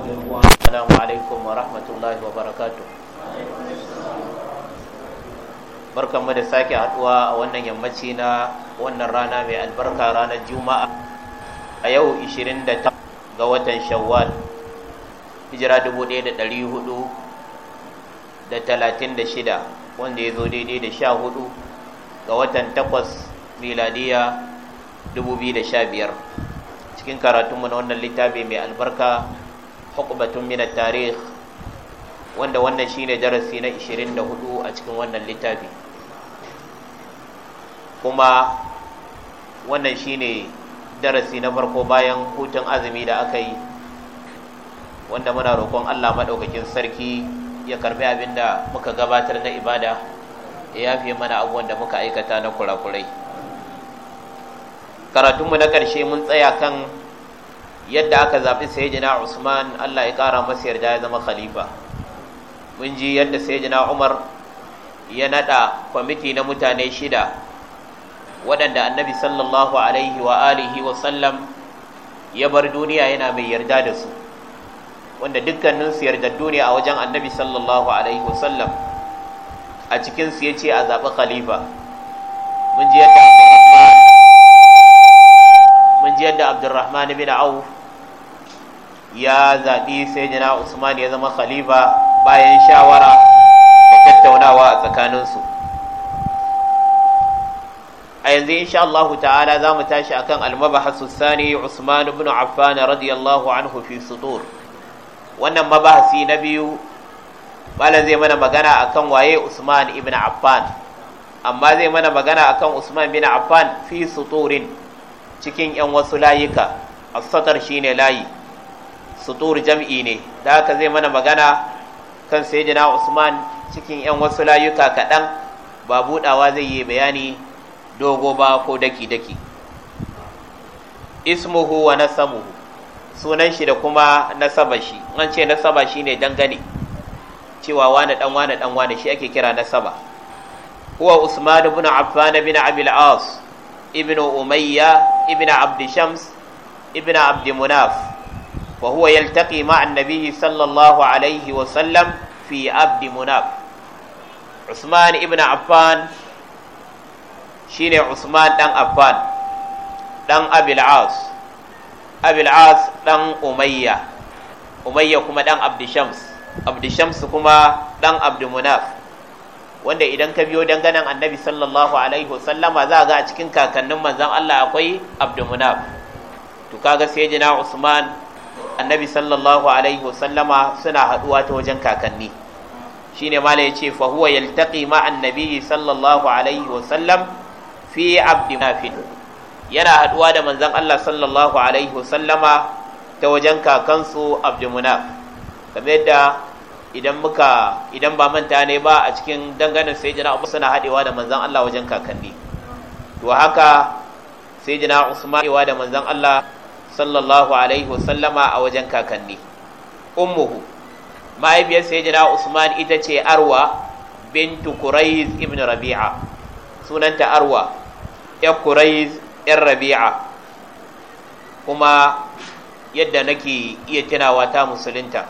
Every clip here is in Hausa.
alaikum السلام rahmatullahi ورحمة الله mu da sake haduwa a wannan yammaci na wannan rana mai albarka ranar juma'a a yau 28 ga watan shawwal hijira 1436 wanda ya zo daidai da hudu ga watan 8 miladiya 2015 cikin karatunmu na wannan littafi mai albarka hukubatun min tarih wanda wannan shine darasi na 24 a cikin wannan littafi kuma wannan shine darasi na farko bayan hutun azumi da aka yi wanda muna roƙon Allah maɗaukakin sarki ya karɓi abinda muka gabatar na ibada ya yafe mana abubuwan da muka aikata na kurakurai karatunmu na ƙarshe mun tsaya kan yadda aka zaɓi sayyidina usman allah ya ƙara masu yarda ya zama khalifa mun ji yadda sayyidina umar ya naɗa kwamiti na mutane shida waɗanda annabi sallallahu alaihi wa alihi wa sallam ya bar duniya yana mai yarda da su wanda dukkaninsu yardaddu ne a wajen annabi sallallahu alaihi wa sallam a cikinsu ya ce a zaɓi khalifa mun ji yadda abdurrahman bin auf ya zaɓi sayyidina Usman ya zama khalifa bayan shawara da tattaunawa a tsakaninsu a yanzu insha Allah ta'ala za mu tashi akan almabahasu sani Usman ibn Affan radiyallahu anhu fi sudur wannan mabahasi na biyu malam zai mana magana akan waye Usman ibn Affan amma zai mana magana akan Usman bin Affan fi suturin cikin 'yan wasu layuka asatar satar shine layi sutur jam'i ne da haka zai mana magana kan sayyidina Usman cikin yan wasu layuka kaɗan ba buɗawa zai yi bayani dogo ba ko daki-daki ismuhu wa nasabuhu sunan shi da kuma nasaba shi an ce nasaba shi ne dangane cewa wani dan wani dan wani shi ake kira nasaba huwa usman ibn affan ibn al as ibn umayya ibn abd shams ibn abd munaf wa huwa yaltaqi ma annabi sallallahu alaihi wa sallam fi abdi munaf Usman ibn Affan shine Usman dan Affan dan Abil As Abil As dan Umayya Umayya kuma dan Abdishams Abdishams kuma dan munaf. wanda idan ka biyo danganan Annabi sallallahu alaihi wasallama za ga a cikin kakannin manzon Allah akwai Abdulmunaf to kaga sayyidina Usman annabi sallallahu alaihi wasallama suna haduwa ta wajen kakanni shine mala yace fa huwa yaltaqi ma annabi sallallahu alaihi wasallam fi abdi nafil yana haduwa da manzon Allah sallallahu alaihi wasallama ta wajen kakansu abdi munaf kamar yadda idan muka idan ba manta ne ba a cikin danganin sayyidina Abu suna hadewa da manzon Allah wajen kakanni to haka sayyidina Usman da manzon Allah sallallahu alaihi sallama a wajen kakanni ummuhu mahaifiyar sayyidina usman ita ce arwa bintu quraiz ibn rabi'a sunanta arwa ya quraiz yar rabi'a kuma yadda nake iya tunawa ta musulunta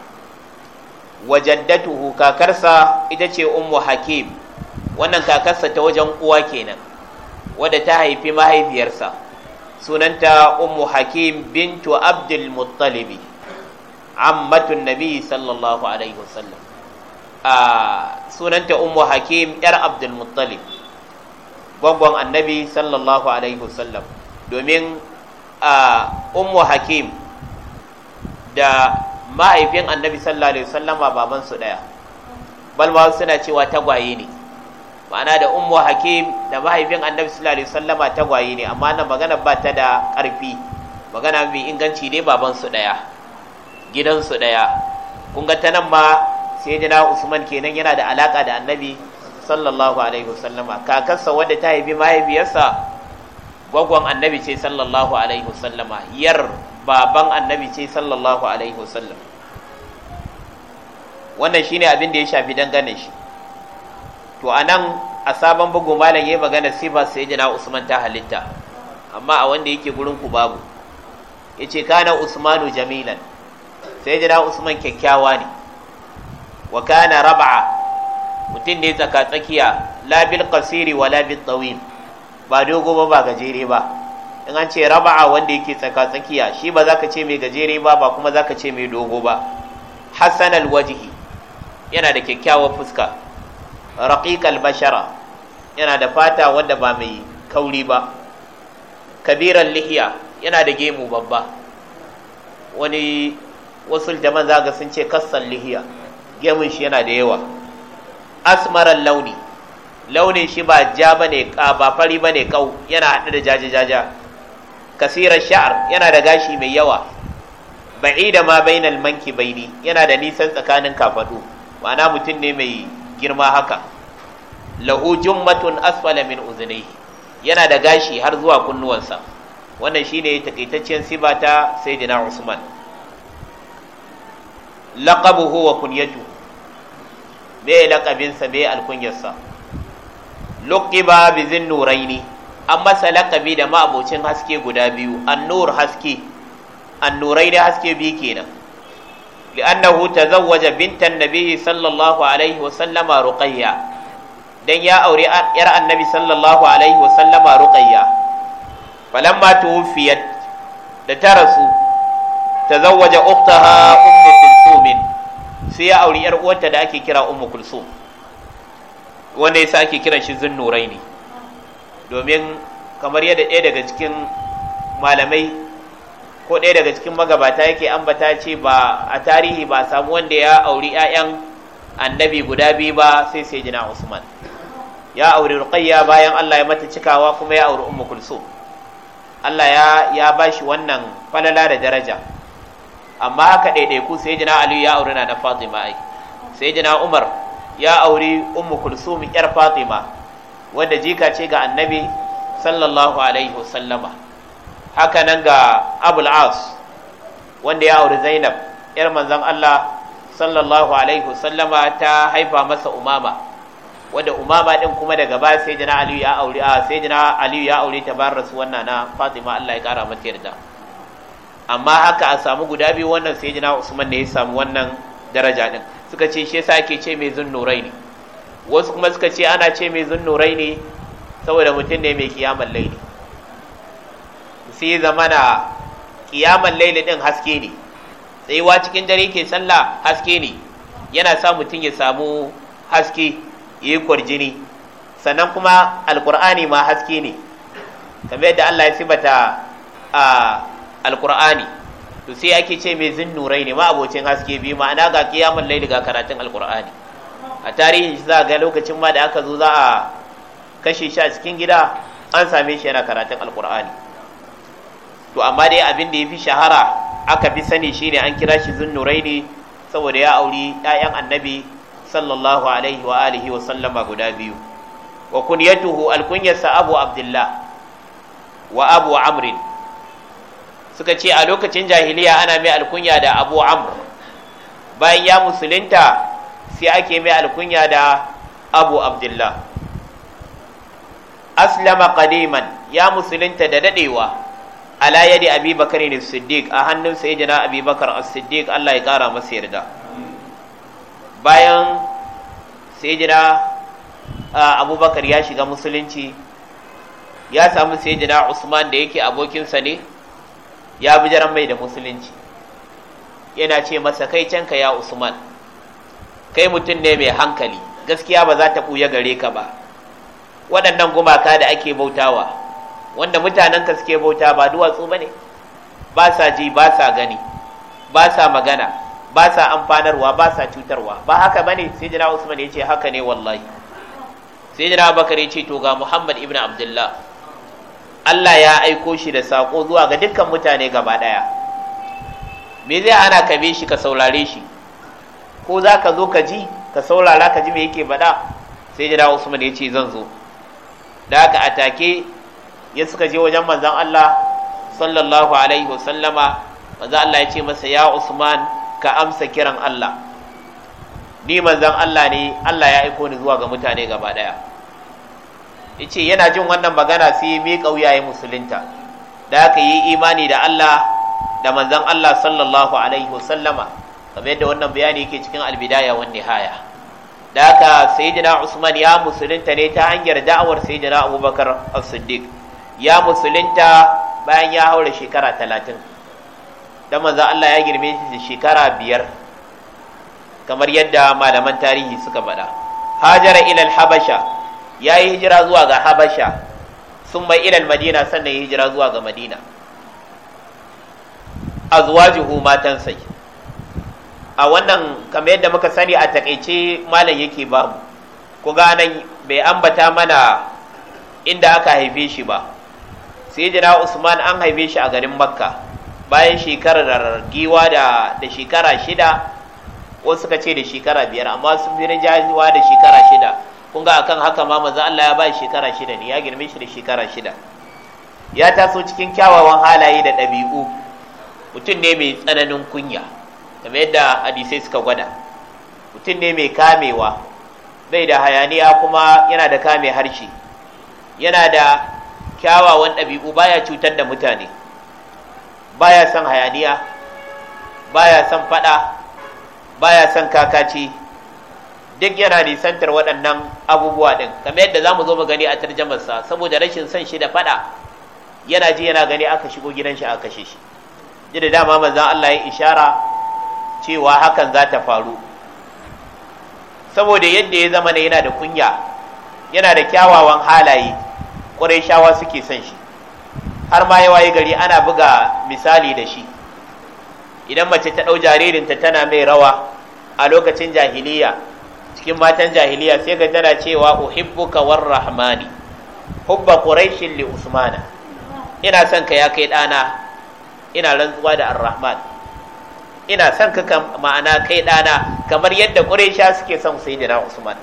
wajaddatuhu kakarsa ita ce ummu hakim wannan kakarsa ta wajen uwa kenan wadda ta haifi mahaifiyarsa sunanta ummu hakim bintu abdul muttalibi ammatun nabi sallallahu alaihi wasallam a sunanta ummu hakim yar abdul muttalib gwangwan annabi sallallahu alaihi wasallam domin a ummu hakim da mahaifin annabi sallallahu alaihi wasallam babansu daya balma suna cewa tagwaye ne ma'ana da ummu hakim da mahaifin annabi sallallahu alaihi wasallama tagwaye ne amma nan magana ba ta da ƙarfi magana mai inganci dai baban su daya gidan su daya kun ga ta nan ma sai jina usman kenan yana da alaka da annabi sallallahu alaihi wasallama kakarsa wadda ta haifi mahaifiyarsa gwagwan annabi ce sallallahu alaihi wasallama yar baban annabi ce sallallahu alaihi wasallam wannan shine abin da ya shafi dangane shi to a nan a sabon bugu malam ya magana sifar sai jina usman ta halitta amma a wanda yake gurin ku babu ya ce kana usmanu jamilan sai jina usman kyakkyawa ne wa kana raba'a mutum ne tsaka tsakiya labil kasiri wa labil tsawin, ba dogo ba ba gajere ba in an ce raba'a wanda yake tsaka tsakiya shi ba za ka ce mai gajere ba ba kuma za ka ce mai dogo ba hassan alwajihi yana da kyakkyawar fuska raqiqal bashara yana da fata wadda ba mai kauri ba kabiran lihiya yana da gemu babba wani wasu jama'a zaga sun ce kassan lihiya gemun shi yana da yawa asmaran launi launin shi ba ja bane ka ba fari bane kau yana haɗu da jaje jaja kasirar sha'ar yana da gashi mai yawa ba'i da ma bainal manki baini yana da nisan tsakanin kafadu ma'ana mutum ne mai girma haka lahu jummatun asfala min uzunaihi yana da gashi har zuwa kunnuwansa wannan shine takaitaccen siba ta sayyidina usman laqabuhu wa kunyatu me laqabinsa be alkunyarsa luqiba bi zinnuraini an masa laqabi da ma'abocin haske guda biyu annur haske da haske biyu kenan li'annahu tazawwaja bintan nabi sallallahu alaihi wasallama ruqayya dan ya auri yar annabi sallallahu alaihi wasallama ruqayya falamma tuwfiyat da ta rasu tazawwaja ukhtaha ummu kulsum sai ya auri yar uwarta da ake kira ummu kulsum wanda yasa ake kiran shi ne? domin kamar yadda ɗaya daga cikin malamai ko ɗaya daga cikin magabata yake ambata ce ba a tarihi ba samu wanda ya auri 'ya'yan annabi guda biyu ba sai sai jina usman ya auri ruqayya bayan allah ya mata cikawa kuma ya auri ummu kulsum allah ya ya bashi wannan falala da daraja amma aka ɗaiɗaiku sai jina ali ya auri na fatima ai sai jina umar ya auri ummu kulsum yar fatima wanda jika ce ga annabi sallallahu alaihi wasallama haka nan ga abul as wanda ya auri zainab yar manzon Allah sallallahu alaihi wasallama ta haifa masa umama wanda umama din kuma daga baya sai jina aliyu ya auri a sai jina aliyu ya auri ta bar rasu wannan na fatima Allah ya kara mata yarda amma haka a samu guda biyu wannan sai jina usman ne ya samu wannan daraja din suka ce shi yasa ake ce mai nurai ne wasu kuma suka ce ana ce mai nurai ne saboda mutum ne mai kiyamar laili sai zamana kiyaman laili ɗin haske ne tsayuwa cikin dare ke sallah haske ne yana sa mutum ya samu haske ya yi kwarjini sannan kuma alkur'ani ma haske ne kamar yadda Allah ya sibata a alkur'ani to sai ake ce mai zin nurai ne ma abocin haske biyu ma'ana ga kiyaman laili ga karatun alkur'ani a tarihin shi za ga lokacin ma da aka zo za a kashe shi a cikin gida an same shi yana karatun alkur'ani to amma dai abin da ya fi shahara aka fi sani shine an kira shi zunnuraini saboda ya auri 'ya'yan annabi sallallahu alaihi wa alihi wa sallama guda biyu wa kunyatuhu alkunyarsa abu abdullah wa abu amrin suka ce a lokacin jahiliya ana mai alkunya da abu amr bayan ya musulunta sai ake mai alkunya da abu abdullah aslama qadiman ya musulunta da dadewa ala yadi abi ne siddiq a hannun sayyidina abi bakar a siddiq Allah ya kara masa yarda bayan jana abubakar ya shiga musulunci ya samu jana usman da yake abokinsa ne ya jaran mai da musulunci yana ce masa kai canka ya usman kai mutum ne mai hankali gaskiya ba za ta ɓuya gare ka ba waɗannan gumaka da ake bautawa wanda mutanen ka suke bauta ba duwatsu bane ba sa ji ba sa gani ba sa magana ba sa amfanarwa ba sa cutarwa ba haka bane sai jira Usman ya ce haka ne wallahi sai jira bakar ya ce to ga Muhammad ibn Abdullah Allah ya aiko shi da sako zuwa ga dukkan mutane gaba ɗaya. me zai ana kabe shi ka saurare shi ko za ka zo ka ji ka saurara ka ji me yake faɗa sai jira Usman ya ce zan zo da haka take. ya suka je wajen Manzan Allah sallallahu alaihi wasallama manzan Allah ya ce masa ya Usman ka amsa kiran Allah ni Manzan Allah ne Allah ya aiko ni zuwa ga mutane gaba daya yace yana jin wannan magana sai mi kauyaye musulunta da aka yi imani da Allah da Manzan Allah sallallahu alaihi wasallama kamar yadda wannan bayani yake cikin albidaya wa nihaya da haka sayyidina Usman ya musulunta ne ta hanyar da'awar sayyidina Abubakar as-Siddiq ya musulunta bayan ya haura shekara talatin da manzan Allah ya girme shi da shekara biyar kamar yadda malaman tarihi suka faɗa hajara ilal habasha ya yi hijira zuwa ga habasha sun mai ilal madina sannan ya hijira zuwa ga madina matan sai. a wannan kamar yadda muka sani a takaice malam yake babu ku nan bai ambata mana inda aka haife shi ba sayyidina usman an haife shi a garin makka bayan shekarar giwa da da shekara shida wasu suka ce da shekara biyar amma sun fi rinjawa da shekara shida kun ga akan haka ma manzo Allah ya ba shekara shida ne ya girme shi da shekara shida ya taso cikin kyawawan halaye da ɗabi'u mutum ne mai tsananin kunya kamar yadda hadisai suka gwada mutum ne mai kamewa bai da hayaniya kuma yana da kame harshe yana da kyawawan ɗabi'u baya cutar da mutane baya son hayaniya baya son faɗa baya son kakaci duk yana nisantar waɗannan abubuwa ɗin kamar yadda za mu zo mu gani a tarjamarsa saboda rashin son shi da faɗa yana ji yana gani aka shigo gidan shi aka kashe shi da dama manzan Allah ya ishara cewa hakan za ta faru saboda yadda ya zama ne yana da kunya yana da kyawawan halaye ƙurayshawa suke son shi har ma yawaye gari ana buga misali da shi idan mace ta ɗau jaririnta tana mai rawa a lokacin jahiliya cikin matan jahiliya sai ga tana cewa uhibbuka war rahmani hubba quraishin li usmana ina son ka ya kai ɗana ina rantsuwa da arrahman ina son ka ma'ana kai ɗana kamar yadda quraisha suke son sayyidina usman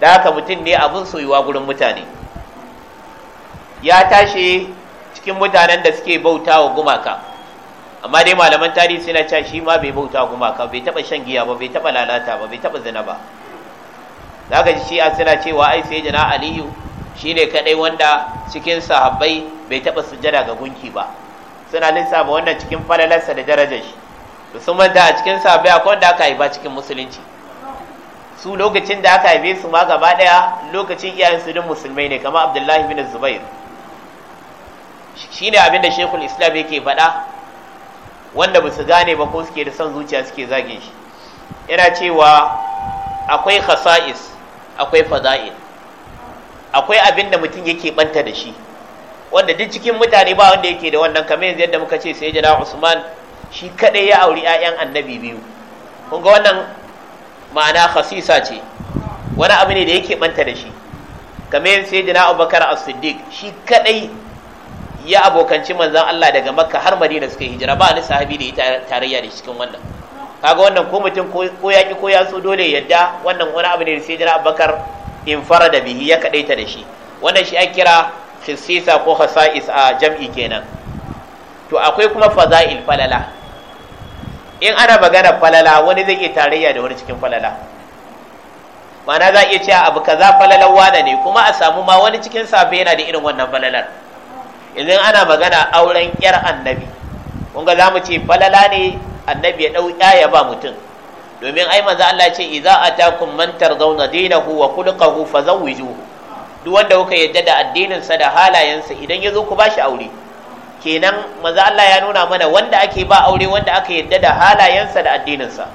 da haka mutum ne abin soyuwa gurin mutane ya tashi cikin mutanen da suke bauta wa gumaka amma dai malaman tarihi suna cewa shi ma bai bauta wa gumaka bai taba shan giya ba bai taba lalata ba bai taba zina ba zaka ji shi suna cewa ai sai jana aliyu shine kadai wanda cikin sahabbai bai taba sujada ga gunki ba suna lissafa wannan cikin falalarsa da darajar shi to sun manta a cikin sahabbai akwai wanda aka haifa cikin musulunci su lokacin da aka haife su ma gaba daya lokacin iyayen su din musulmai ne kamar abdullahi bin zubair Shi shine abinda shekul islam yake faɗa wanda ba su gane ba ko suke da son zuciya suke zage shi yana cewa akwai khasa'is akwai fada'il akwai abin da mutum yake banta da shi wanda duk cikin mutane ba wanda yake da wannan kamar yanzu yadda muka ce sai jana usman shi kadai ya auri 'ya'yan annabi biyu kun ga wannan ma'ana khasisa ce wani abu ne da yake banta da shi kamar yanzu sai jana abubakar as-siddiq shi kadai ya abokanci manzan Allah daga makka har madina suka hijira ba ni sahabi da ya tarayya da cikin wannan kaga wannan ko mutum ko ya ki ko ya so dole yadda wannan wani abu ne da sai jira abubakar in fara da bihi ya kaɗaita da shi wannan shi ake kira khisisa ko khasa'is a jam'i kenan to akwai kuma faza'il falala in ana magana falala wani zai iya tarayya da wani cikin falala ma'ana za a iya cewa abu kaza falalar wane ne kuma a samu ma wani cikin safe yana da irin wannan falalar idan ana magana auren yar annabi wanga ga mu ce falala ne annabi ya ɗauya ya ba mutum domin ai manzo Allah ce idza atakum man tarzawna dinahu wa khulquhu fazawwijuhu duk wanda kuka yadda da addinin sa da halayensa idan yazo ku bashi aure kenan manzo Allah ya nuna mana wanda ake ba aure wanda aka yadda da halayensa da addininsa,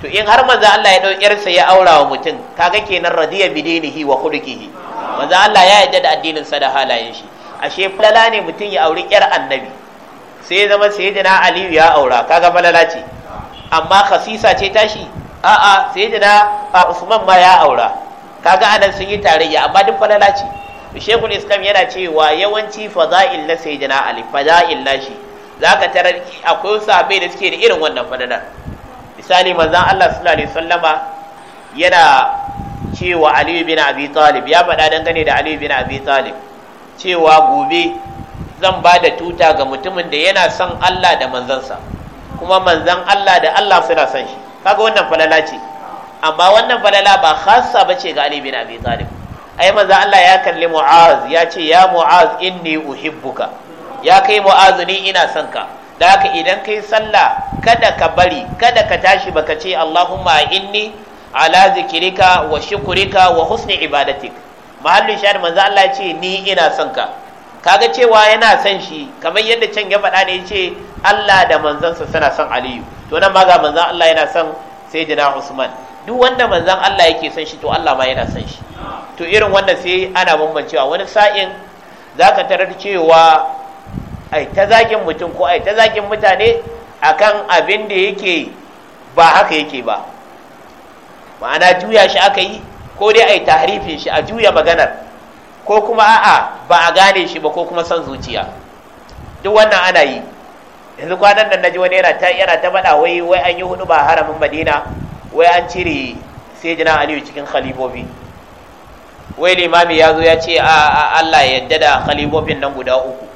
to in har manzo Allah ya dau yarsa ya aura wa mutum kaga kenan radiya bidinihi wa khuluqihi maza Allah ya yadda da addininsa da halayen shi ashe falala ne mutum ya auri yar annabi sai zama sayyidina aliyu ya aura kaga falala ce amma khasisa ce tashi a'a a usman ma ya aura kaga anan sun yi tarayya amma duk falala ce shekul islam yana cewa yawanci fada'il na sayyidina ali fada'il na shi zaka tarar akwai sabe da suke da irin wannan falala misali manzon Allah sallallahu alaihi wasallama yana cewa Aliyu bin Abi Talib ya faɗa dangane da Aliyu bin Abi Talib cewa gobe zan ba da tuta ga mutumin da yana son Allah da manzansa kuma manzan Allah da Allah suna son shi kaga wannan falala ce amma wannan falala ba khassa ce ga Ali bin Abi Talib ai manzan Allah ya kalli Mu'az ya ce ya Mu'az inni uhibbuka ya kai Mu'az ni ina son ka da haka idan kai sallah kada ka bari kada ka tashi baka ce Allahumma inni ala zikrika wa shukrika wa husni ibadatik mahallin shahid manzo Allah ya ce ni ina son ka kaga cewa yana son shi kamar yadda can ya faɗa ne ya ce Allah da manzansa suna son Aliyu to nan ma ga manzo Allah yana son sayyidina Usman duk wanda manzan Allah yake son shi to Allah ma yana son shi to irin wanda sai ana bambancewa wani sa'in zaka tarar cewa ai ta zakin mutum ko ai ta zakin mutane akan abin da yake ba haka yake ba ma'ana juya shi aka yi ko dai a yi tahrifin shi a juya maganar ko kuma a'a ba a gane shi ba ko kuma san zuciya duk wannan ana yi yanzu kwanan nan naji wani yana ta faɗa bada wai wai an yi hudu ba haramin Madina wai an cire sai jina Aliyu cikin khalifofi wai limami ya zo ya ce a Allah ya yarda da khalifofin nan guda uku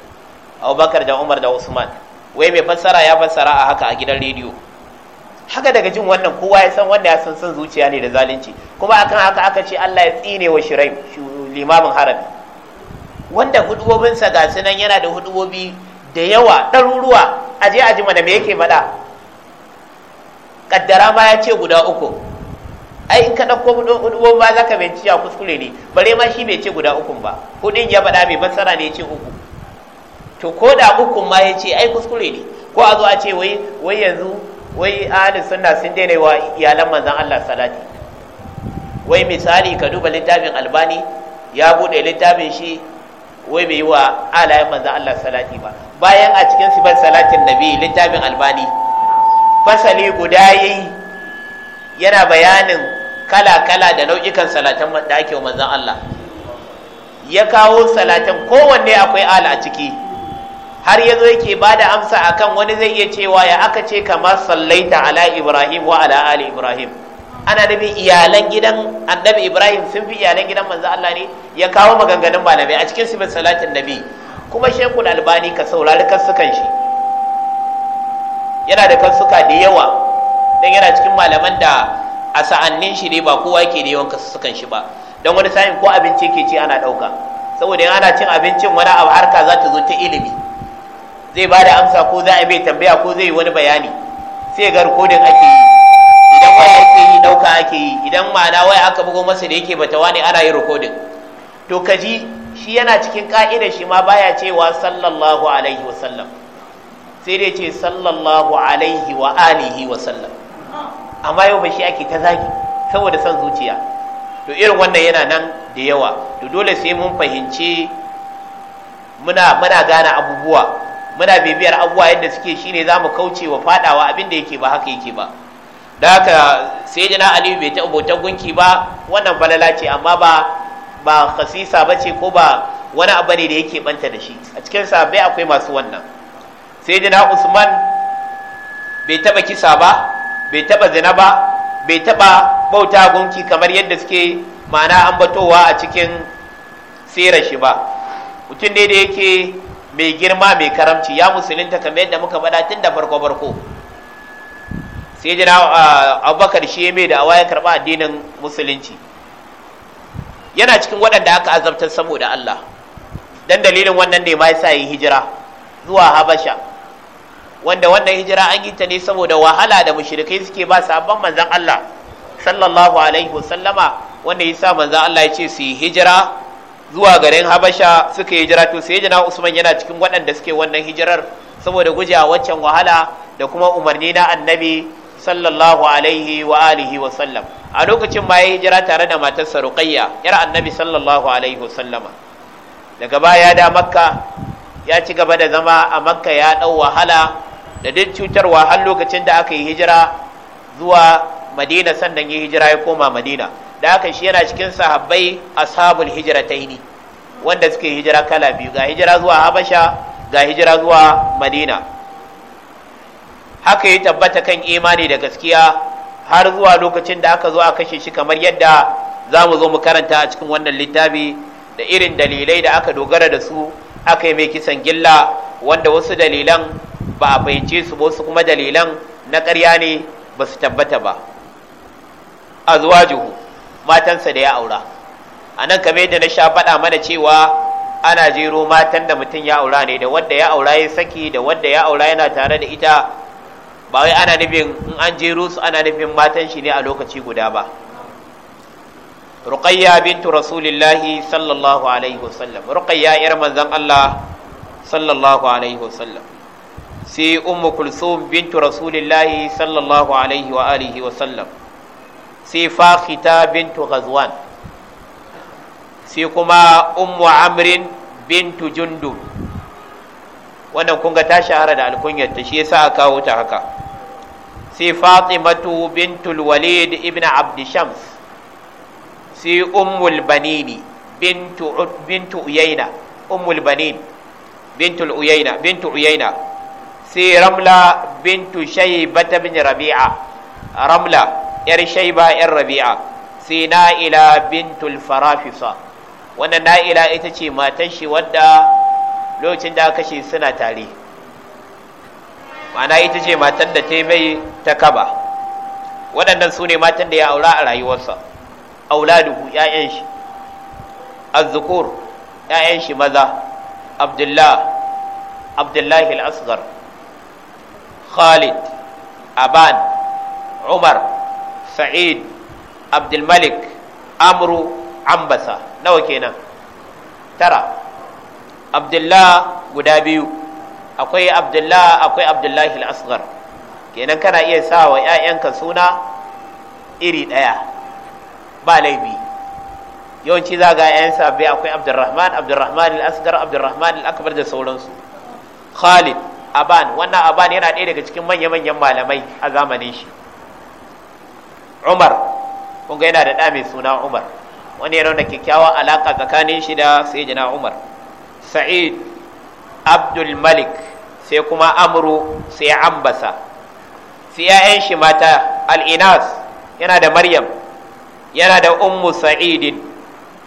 Abubakar da Umar da Usman wai mai fassara ya fassara a haka a gidan rediyo haka daga jin wannan kowa ya san wanda ya san san zuciya ne da zalunci kuma akan haka aka ce Allah ya tsine wa shirai limamin harami wanda hudubobinsa ga sunan yana da hudubobi da yawa ɗaruruwa aje a ji mana me yake faɗa kaddara ma ya ce guda uku ai in ka ɗauko hudubobin ba za ka bincike a kuskure ne bare ma shi bai ce guda uku ba hudin ya faɗa mai fassara ne ya ce uku to ko da ma ya ce ai kuskure ne ko a zo a ce wai yanzu wai ahalin sunna sun daina wa iyalan manzan Allah salati wai misali ka duba littafin albani ya bude littafin shi wai bai yi wa alayen manzan Allah salati ba bayan a cikin sifar salatin nabi littafin albani fasali guda yi yana bayanin kala-kala da nau'ikan salatan da ake wa manzan Allah ya kawo salatan kowanne akwai ala a ciki har yazo yake da amsa akan wani zai iya cewa ya aka ce kamar sallaita ala ibrahim wa ala ali ibrahim ana bi iyalan gidan annabi ibrahim sun fi iyalan gidan manzo Allah ne ya kawo maganganun malamai a cikin sifat salatin nabi kuma shekul albani ka saurari kansukan shi yana da kansuka da yawa dan yana cikin malaman da a sa'annin shi ne ba kowa yake da yawan kansukan shi ba don wani sa'in ko abinci ke ci ana ɗauka saboda yana cin abincin wani abu harka za ta zo ta ilimi zai ba da amsa ko za a bai tambaya ko zai yi wani bayani sai ga rikodin ake yi idan wani ake yi dauka ake yi idan ma'ana waya aka bugo masa da yake bata wani ana yin rikodin to kaji shi yana cikin ka'ida shi ma baya cewa sallallahu alaihi wa sallam sai dai ce sallallahu alaihi wa alihi wa sallam amma yau ba shi ake ta zagi saboda son zuciya to irin wannan yana nan da yawa to dole sai mun fahimci muna muna gane abubuwa muna bibiyar abubuwa yadda suke shine mu kauce wa fadawa abinda yake ba haka yake ba da haka sai jina aliyu bai taɓa bautar gunki ba wannan falala ce amma ba ba khasisa ba ce ko ba wani abu ne da yake banta da shi a cikin bai akwai masu wannan sai jina usman bai taɓa kisa ba bai taɓa zina ba bai taɓa bauta gunki kamar yadda suke ma'ana ambatowa a cikin sirar shi ba mutum ne da yake mai girma mai karamci ya musulunta kamar yadda muka faɗa tun da farko farko sai jina abubakar shi mai da awa ya karɓa addinin musulunci yana cikin waɗanda aka azabtar saboda Allah dan dalilin wannan ne ma yasa yi hijira zuwa Habasha wanda wannan hijira an yi ta ne saboda wahala da mushrikai suke ba sabon manzan Allah sallallahu alaihi wasallama wanda yasa manzan Allah ya ce su yi hijira zuwa garin habasha suka yi jira, to sai jana usman yana cikin waɗanda suke wannan hijirar saboda guje a waccan wahala da kuma umarni na annabi sallallahu alaihi wa alihi wa sallam a lokacin ma ya hijira tare da matarsa ruqayya yar annabi sallallahu alaihi wa sallama daga baya da makka ya ci gaba da zama a makka ya ɗau wahala da duk cutar har lokacin da aka yi hijira zuwa madina sannan ya hijira ya koma madina da aka shi yana cikin sahabbai ashabul hijrataini wanda suke hijira kala biyu ga hijira zuwa habasha ga hijira zuwa madina haka ya tabbata kan imani da gaskiya har zuwa lokacin da aka zo a kashe shi kamar yadda za mu zo mu karanta a cikin wannan littafi da irin dalilai da aka dogara da su aka yi mai kisan gilla wanda wasu dalilan ba a fahimce su ba wasu kuma dalilan na ƙarya ne ba su tabbata ba azwajuhu matansa da ya aura a nan kamar yadda na sha faɗa mana cewa ana jero matan da mutum ya aura ne da wadda ya aura ya saki da wadda ya aura yana tare da ita ba wai ana nufin in an jero su ana nufin matan shi ne a lokaci guda ba ruqayya bintu rasulillahi sallallahu alaihi wasallam ruqayya yar manzon Allah sallallahu alaihi wasallam sai ummu kulsum bintu rasulillahi sallallahu alaihi wa alihi wasallam sai fakhita bintu ghazwan sai kuma ummu amrin bintu jundub wannan kun ga ta shahara da alkunyar ta shi yasa aka kawo ta haka sai fatimatu bintul walid ibn abd shams sai ummul banini bintu bintu uyaina ummul banin bintul uyaina bintu uyaina sai ramla bintu shaybata bin rabi'a ramla yar shaiba yar rabi'a sai na'ila bintul farafisa wannan na'ila ita ce matan shi wadda lokacin da aka suna tare ma'ana ita ce matan da ta mai ta kaba waɗannan su ne matan da ya aura a rayuwarsa auladuhu ‘ya'yan shi azzukur ‘ya'yan shi maza abdullah abdullahi al'asgar khalid aban umar sa'id abdulmalik amru ambasa nawa kenan tara abdullah guda biyu akwai abdullah akwai abdullahi al kenan kana iya sa wa 'ya'yanka suna iri ɗaya ba laifi yawanci za ga 'ya'yan sabbi akwai abdurrahman abdurrahman al abdurrahman al da sauransu khalid aban wannan aban yana ɗaya daga cikin manya-manyan malamai a zamanin shi umar kunga yana da ɗa mai suna umar wani yana da kyakkyawa alaka tsakanin shi da sayyidina umar sa'id abdul malik sai kuma amru sai ambasa sai ya'yan shi mata al'inas yana da maryam yana da ummu sa'idin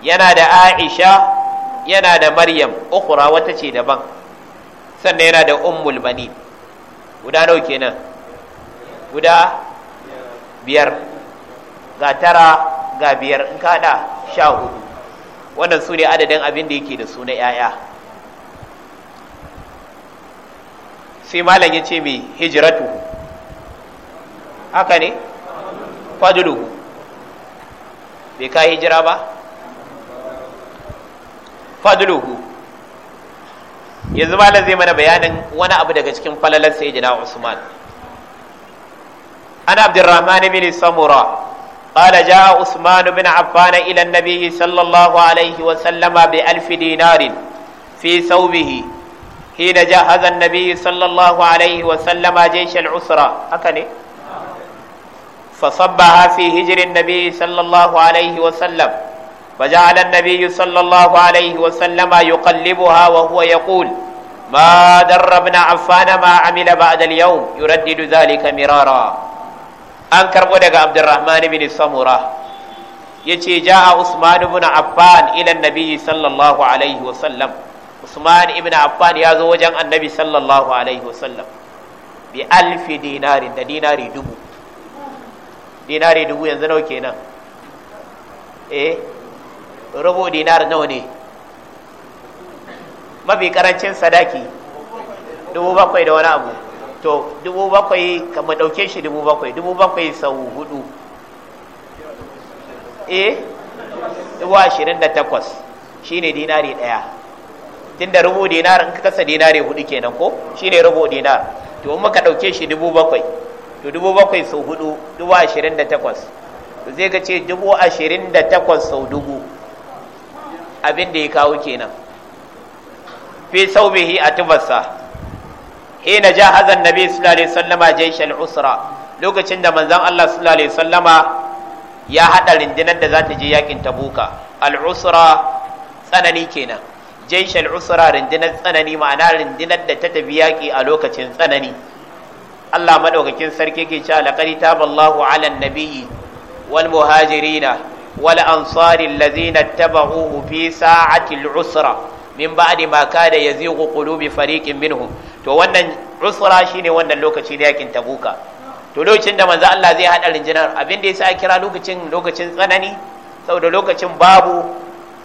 yana da aisha yana da maryam ukura wata ce daban sannan yana da ummul bani guda nawa kenan guda biyar ga tara ga biyar in kada sha hudu wannan su ne adadin abin da yake da su na 'ya'ya sai malam ya ce mai hijiratu haka ne fadluhu bai ka hijira ba fadluhu yanzu malam zai mana bayanin wani abu daga cikin falalar jina usman an abdurrahman bin samura قال جاء عثمان بن عفان إلى النبي صلى الله عليه وسلم بألف دينار في ثوبه حين جهز النبي صلى الله عليه وسلم جيش العسرة هكذا فصبها في هجر النبي صلى الله عليه وسلم وجعل النبي صلى الله عليه وسلم يقلبها وهو يقول ما در ابن عفان ما عمل بعد اليوم يردد ذلك مرارا an karbo daga abdurrahman bin samura ya ce ja a usman ibn affan ila annabi sallallahu alaihi wasallam usman ibn affan ya zo wajen annabi sallallahu alaihi wasallam bi alfi dinari da dinari dubu dinari dubu yanzu nawa kenan eh rubu dinar nawa ne mafi karancin sadaki dubu bakwai da wani abu to dubu bakwai kama ɗauke shi dubu bakwai dubu bakwai sau hudu eh dubu ashirin da takwas shi ne dinari ɗaya tun da rubu dinar in ka kasa dinari hudu kenan ko shi ne rubu dinar to in ka ɗauke shi dubu bakwai to dubu bakwai sau hudu dubu ashirin da takwas to zai ka ce dubu ashirin da takwas sau dubu abin da ya kawo kenan fi sau bihi a tubarsa hina jahazan nabi sallallahu alaihi wasallama jaishal usra lokacin da manzon Allah sallallahu alaihi wasallama ya hada rindinar da za ta je yakin tabuka al usra tsanani kenan jaishal usra rindinar tsanani ma'ana rindinar da ta tafi yaki a lokacin tsanani Allah madaukakin sarki ke cewa laqad taballahu 'alan nabiyyi wal muhajirina والأنصار الذين اتبعوه في ساعة العسرة من بعد ما كاد يزيغ قلوب فريق منهم to wannan usra shine wannan lokaci na yakin tabuka to lokacin da manzo Allah zai hada rinjinar abin da yasa kira lokacin lokacin tsanani saboda lokacin babu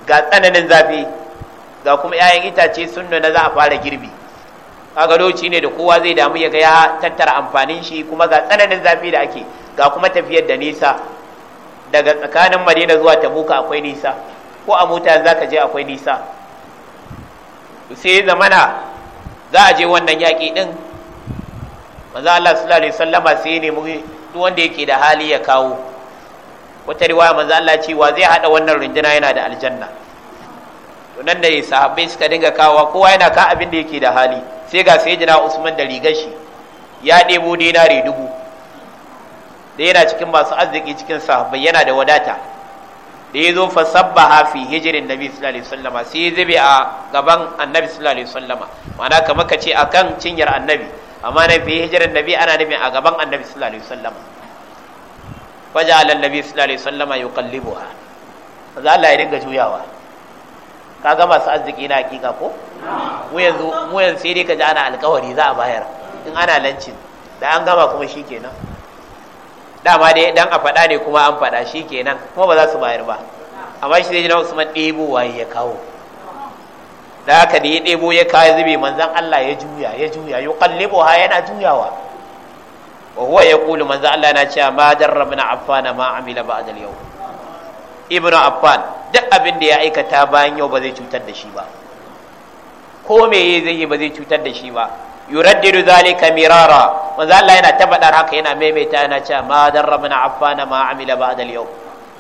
ga tsananin zafi ga kuma 'ya'yan itace sun na za a fara girbi kaga lokaci ne da kowa zai damu ya ga ya tattara amfanin shi kuma ga tsananin zafi da ake ga kuma tafiyar da nisa daga tsakanin madina zuwa tabuka akwai nisa ko a mota za ka je akwai nisa sai zamana za a je wannan yaƙi ɗin Maza Allah sallallahu alaihi sallama sai ne mu duk wanda yake da hali ya kawo wata riwaya maza Allah cewa zai haɗa wannan runduna yana da aljanna to nan ne sahabbai suka dinga kawo kowa yana ka abin da yake da hali sai ga jina Usman da rigar shi ya ɗebo dinari dubu da yana cikin masu arziki cikin sahabbai yana da wadata da ya zo fa sabbaha hijirin nabi sallallahu alaihi wasallama sai ya zube a gaban annabi sallallahu alaihi wasallama ma'ana kamar ka ce akan cinyar annabi amma na fi hijirin nabi ana nufin a gaban annabi sallallahu alaihi wasallama alal nabi sallallahu alaihi wasallama za Allah ya dinga juyawa masu arziki na hakika ko mu yanzu sai dai ka ji ana alƙawari za bayar in ana lancin da an gama kuma shikenan dama dai dan a faɗa ne kuma an faɗa shi kenan kuma ba za su bayar ba amma shi zai ji na usman ɗebo waye ya kawo da haka da ya ɗebo ya kawo zube manzan Allah ya juya ya juya ya kallibo ha yana juyawa wa huwa ya kulu manzan Allah na cewa ma darrabna affana ma amila a yau ibnu affan duk abin da ya aikata bayan yau ba zai cutar da shi ba ko me zai yi ba zai cutar da shi ba yuraddidu zalika mirara manzo Allah yana ta faɗar haka yana maimaita yana cewa ma darra min affana ma amila ba'da al-yawm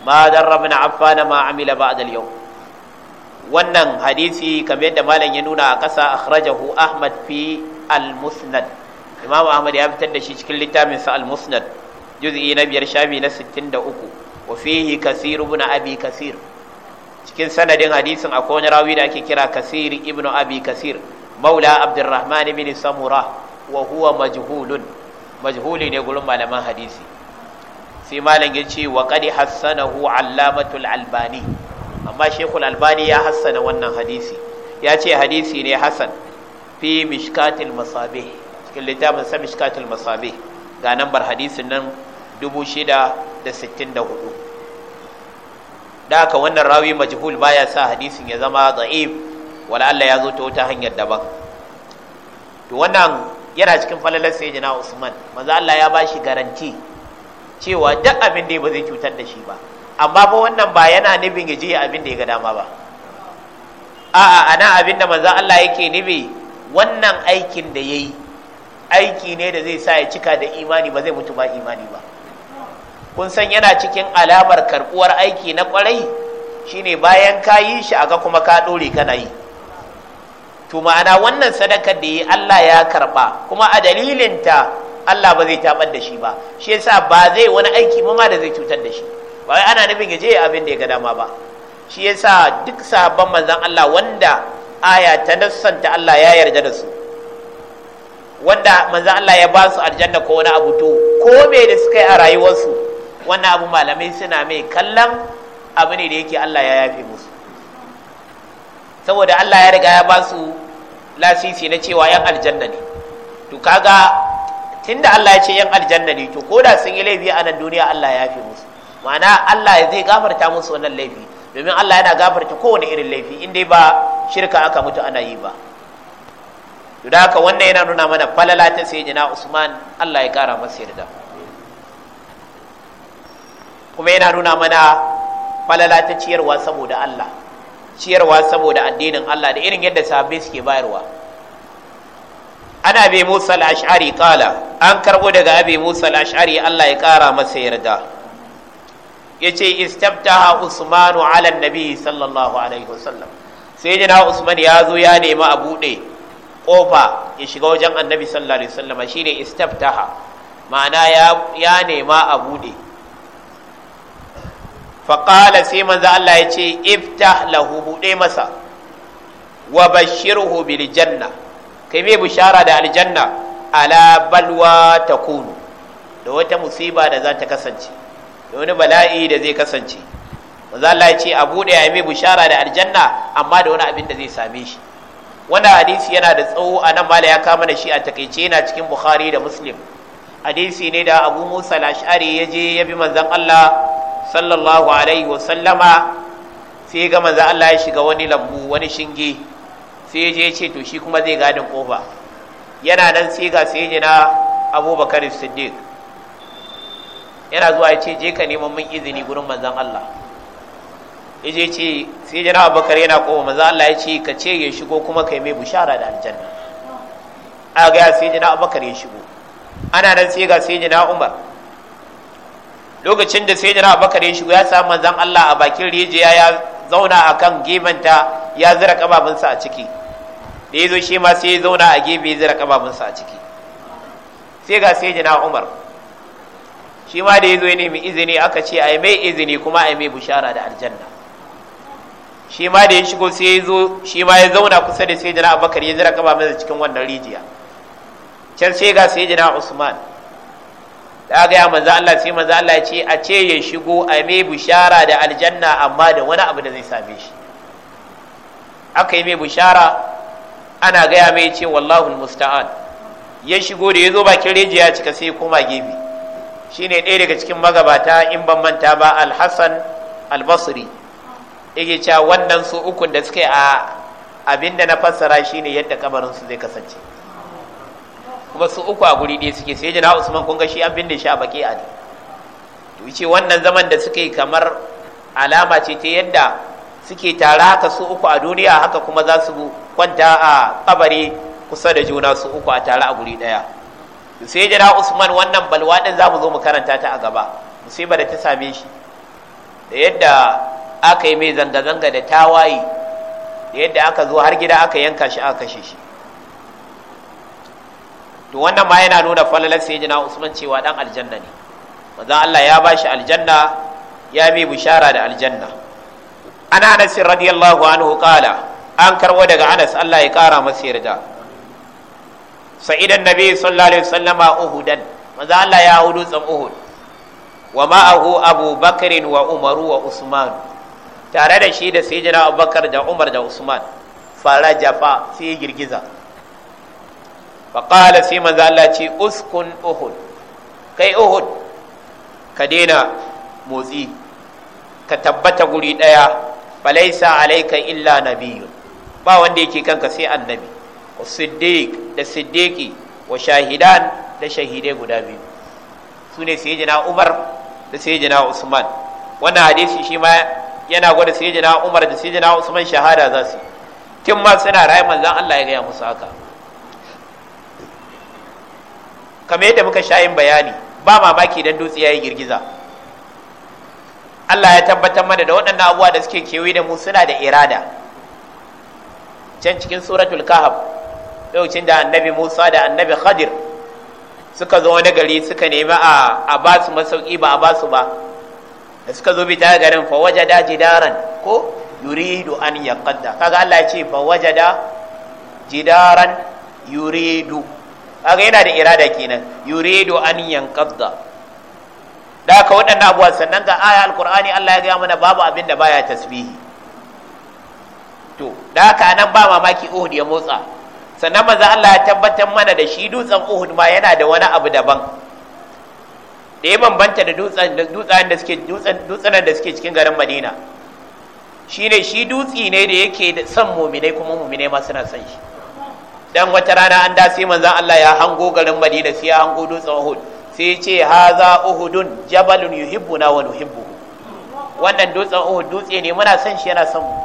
ma darra affana ma amila ba'da al-yawm wannan hadisi kamar yadda malam ya nuna a ƙasa akhrajahu Ahmad fi al-Musnad Imam Ahmad ya fitar da shi cikin littafin sa al-Musnad juz'i na biyar shafi na 63 wa fihi kasir ibn abi kasir cikin sanadin hadisin akwai wani rawi da ake kira kasir ibn abi kasir maula abdurrahman ibn samura wa huwa majhulun majhuli ne gurin malaman hadisi sai malam ya ce wa qad hassanahu allamatul albani amma shekul albani ya hassana wannan hadisi ya ce hadisi ne hasan fi mishkatil masabih cikin littafin sa mishkatil masabih ga nambar hadisin nan 664 da haka wannan rawi majhul baya sa hadisin ya zama da'if wala Allah ya zo ta wata hanyar daban to wannan yana cikin falalar sayyidina Usman manzo Allah ya ba shi garanti cewa duk abin da ba zai cutar da shi ba amma ba wannan ba yana nufin ya je abin da ya ga dama ba a'a ana abin da manzo Allah yake nufi wannan aikin da yayi aiki ne da zai sa ya cika da imani ba zai mutu ba imani ba kun san yana cikin alamar karbuwar aiki na kwarai shine bayan ka yi shi aga kuma ka dore kana yi to ma'ana wannan sadaka da yi Allah ya karba kuma a dalilinta Allah ba zai tabar da shi ba shi yasa ba zai wani aiki ma da zai cutar da shi ba wai ana nufin ya je abin da ya ga dama ba shi yasa duk sahabban manzon Allah wanda aya ta nassanta Allah ya yarda da su wanda manzon Allah ya ba su aljanna ko wani abu to ko me da suka yi a rayuwarsu wannan abu malamai suna mai kallon abu ne da yake Allah ya yafe musu saboda Allah ya riga ya ba su lasisi na cewa yan aljanna ne to kaga tunda Allah ya ce yan aljanna ne to koda sun yi laifi a nan duniya Allah ya fi musu ma'ana Allah zai gafarta musu wannan laifi domin Allah yana gafarta kowane irin laifi in dai ba shirka aka mutu ana yi ba to da haka wannan yana nuna mana falala ta sayyidina Usman Allah ya kara masa yarda kuma yana nuna mana falala ta ciyarwa saboda Allah ciyarwa saboda addinin Allah da irin yadda sahabbai suke bayarwa ana bai Musa al-Ash'ari kala an karbo daga abi Musa al-Ash'ari Allah ya kara masa yarda yace istabtaha Usman ala nabi sallallahu alaihi wasallam sai jina Usman ya zo ya nemi a bude kofa ya shiga wajen annabi sallallahu alaihi wasallam shine istabtaha ma'ana ya ya nema a bude faƙala sai manzo Allah ya ce iftah lahu buɗe masa wa bashirhu bil janna kai mai bishara da aljanna ala balwa takunu da wata musiba da za ta kasance da wani bala'i da zai kasance manzo Allah ya ce a buɗe ya mai bishara da aljanna amma da wani abin da zai same shi wannan hadisi yana da tsawo a nan mala ya kama da shi a takaice yana cikin bukhari da muslim hadisi ne da abu musa al-ash'ari ya je ya bi manzon Allah sallallahu alaihi wasallama sai ga manzo Allah ya shiga wani lambu wani shinge sai ya je ce to shi kuma zai gadin kofa yana nan sai ga sai ya na Abubakar Siddiq yana zuwa ya ce je ka neman min izini gurin manzon Allah ya je ce sai ya na Abubakar yana kofa manzo Allah ya ce ka ce ya shigo kuma kai mai bushara da aljanna a ga sai ya na Abubakar ya shigo ana nan sai ga sai ya na Umar lokacin da sai jira bakar ya shigo ya samu manzan Allah a bakin rijiya ya zauna a kan gefenta ya zira kababinsa a ciki da ya zo shi ma sai ya zauna a gebe ya zira kababinsa a ciki sai ga sai jina umar shi ma da ya zo ya nemi izini aka ce a yi mai izini kuma a yi mai bushara da aljanna shi ma da ya shigo sai ya zo shi ma ya zauna kusa da sai jina abakar ya zira kababinsa cikin wannan rijiya can sai ga sai jina usman ya gaya yi manzo Allah sai manzo Allah ya ce a ce ya shigo a mai bushara da aljanna amma da wani abu da zai same shi aka yi mai bushara ana gaya mai ce wallahu musta'an ya shigo da ya zo bakin rijiya cika sai koma gefe shine ɗaya daga cikin magabata in ban manta ba alhassan albasri yake cewa wannan su ukun da suka yi a abinda na fassara shine yadda kamarinsu su zai kasance kuma su uku a guri ɗaya suke sai jana usman kun ga shi an binne shi a baki a to ce wannan zaman da suke kamar alama ce ta yadda suke tare haka su uku a duniya haka kuma za su kwanta a kabari kusa da juna su uku a tare a guri ɗaya sai jana usman wannan balwa ɗin za mu zo mu karanta ta a gaba musiba da ta same shi da yadda aka yi mai zanga-zanga da tawaye da yadda aka zo har gida aka yanka shi aka kashe shi to wannan ma yana nuna falalar sayyidina Usman cewa dan aljanna ne manzo Allah ya bashi aljanna ya bi bishara da aljanna ana Anas radiyallahu anhu qala an karwo daga Anas Allah ya kara masa yarda sa'idan nabi sallallahu alaihi wasallama uhudan manzo Allah ya hudu tsam uhud wa ma'ahu Abu Bakr wa Umar wa Usman tare da shi da sayyidina Abubakar da Umar da Usman farajafa sai girgiza faƙala sai manzo Allah ce uskun uhud kai uhud ka daina motsi ka tabbata guri ɗaya falaisa alaika illa nabiyun ba wanda yake kanka sai annabi wa siddiq da siddiqi wa shahidan da shahidai guda biyu su ne jina umar da jina usman wannan hadisi shi ma yana gwada jina umar da jina usman shahada za su yi, tun ma suna rayu manzon Allah ya gaya musu haka kamar yadda muka sha yin bayani ba mamaki dan dutse yayi girgiza Allah ya tabbatar mana da waɗannan abuwa da suke kewaye da mu suna da irada can cikin suratul kahab lokacin da annabi Musa da annabi Khadir suka zo wani gari suka nemi a a ba su masauki ba a ba su ba da suka zo bita garin fa wajada jidaran ko yuridu an yaqadda kaga Allah ya ce fa wajada jidaran yuridu kaga yana da irada kenan yuridu an yanqadda da ka waɗannan abuwa sannan ga aya alqur'ani Allah ya gaya mana babu abin da baya tasbihi to da ka nan ba mamaki Uhud ya motsa sannan manzo Allah ya tabbatar mana da shi dutsen Uhud ma yana da wani abu daban da ya bambanta da dutsen da suke dutsen da suke cikin garin Madina shine shi dutsi ne da yake san muminai kuma muminai ma suna san shi dan wata rana an da sai manzon Allah ya hango garin Madina sai ya hango dutsen Uhud sai ya ce haza Uhudun jabalun yuhibbuna wa nuhibbu wannan dutsen Uhud dutse ne muna son shi yana son mu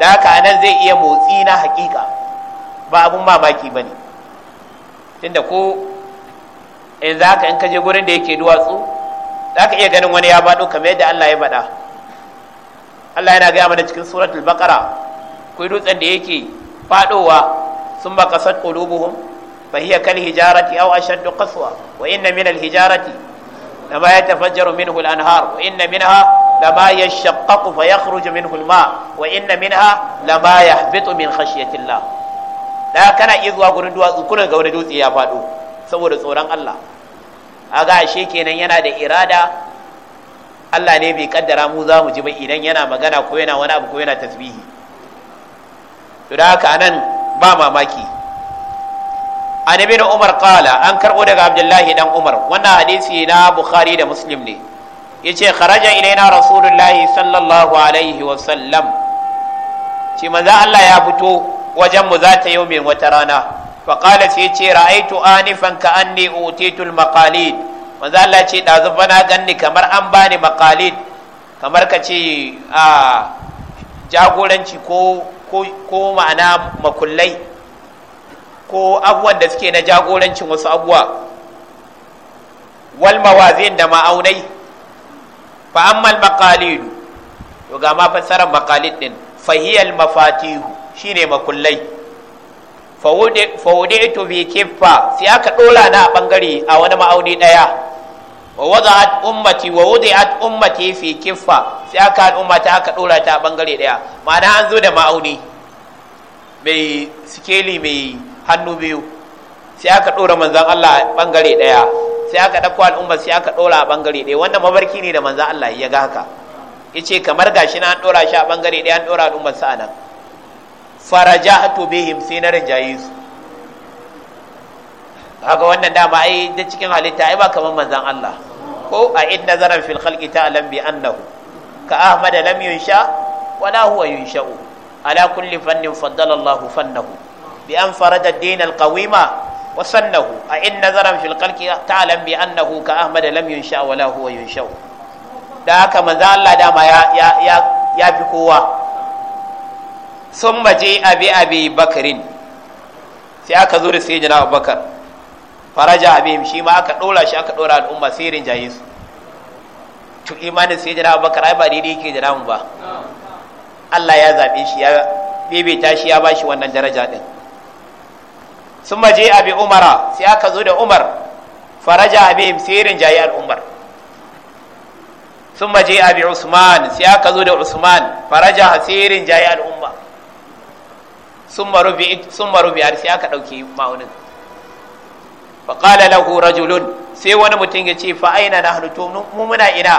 da haka nan zai iya motsi na hakika ba abun mamaki bane tunda ko in za in ka je gurin da yake duwatsu za iya ganin wani ya bado kamar yadda Allah ya bada. Allah yana gaya mana cikin suratul baqara akwai dutsen da yake faɗowa sun ba kasar kulubuhum fa hiya kal hijarati aw ashaddu qaswa wa inna min al hijarati lama yatafajjaru minhu anhar wa inna minha lama yashaqqaqu fa yakhruju minhu al ma wa inna minha lama yahbitu min khashyati allah da kana izuwa gurin duwatsu kuna ga wani dutse ya faɗo. saboda tsoron Allah aga ashe kenan yana da irada Allah ne bai kaddara mu za mu ji ba idan yana magana ko yana wani abu ko yana tasbihi to da haka anan ba mamaki annabi da umar kala an karbo daga abdullahi dan umar wannan hadisi na bukhari da muslim ne yace kharaja ilaina rasulullahi sallallahu alaihi wa sallam shi Allah ya fito wajen mu yau min wata rana fa qala ce yace ra'aitu anifan ka anni utitul maqalid manzo Allah ce dazu bana ganni kamar an bani maqalid kamar ka ce a ah, jagoranci ko ko ma'ana makullai ko abubuwan da suke na jagorancin wasu abuwa. wal mawazin da ma'aunai fa ammal maqalidu to ga ma fassarar maqalid din fahiyal mafatihu shine makullai fa to bi kiffa sai aka dola na a bangare a wani ma'auni daya wa wada'at ummati wa wudi'at ummati fi kiffa sai aka al'ummata aka dora ta bangare daya ma'ana an zo da ma'auni mai sikeli mai hannu biyu sai aka dora manzan Allah bangare daya sai aka dauko al'umma sai aka dora bangare daya wannan mabarki ne da manzan Allah ya ga haka yace kamar gashi na an dora shi a bangare daya an dora al'ummar sa anan faraja'tu bihim sai na rinjaye su haka wannan dama ai da cikin halitta ai ba kamar manzan Allah ko a in nazaran fil khalqi ta'lam bi annahu ka ahmad lam yunsha wala huwa yunsha'u ala kulli fannin faddala Allah fannahu bi an farada ad-din al-qawima wa sannahu a in nazaran fil khalqi ta'lam bi annahu ka ahmad lam yunsha wala huwa yunsha'u da haka manzo Allah dama ya ya ya, ya fi kowa sun maje abi abi bakarin sai aka zo da sai jana abubakar faraja abim shi ma aka ɗora shi aka ɗora al'umma sai rinjaye su to imanin sai jira bakar ai ba daidai yake jira mu ba Allah ya zaɓe shi ya bebeta shi ya bashi wannan daraja din. sun maje abi umara sai aka zo da umar faraja abim sai rinjaye al'ummar sun maje abi usman sai aka zo da usman faraja sai rinjaye al'umma sun marubi sun marubi sai aka ɗauki ma'aunin fa qala lahu rajulun sai wani mutum ya ce fa aina hannu to mu muna ina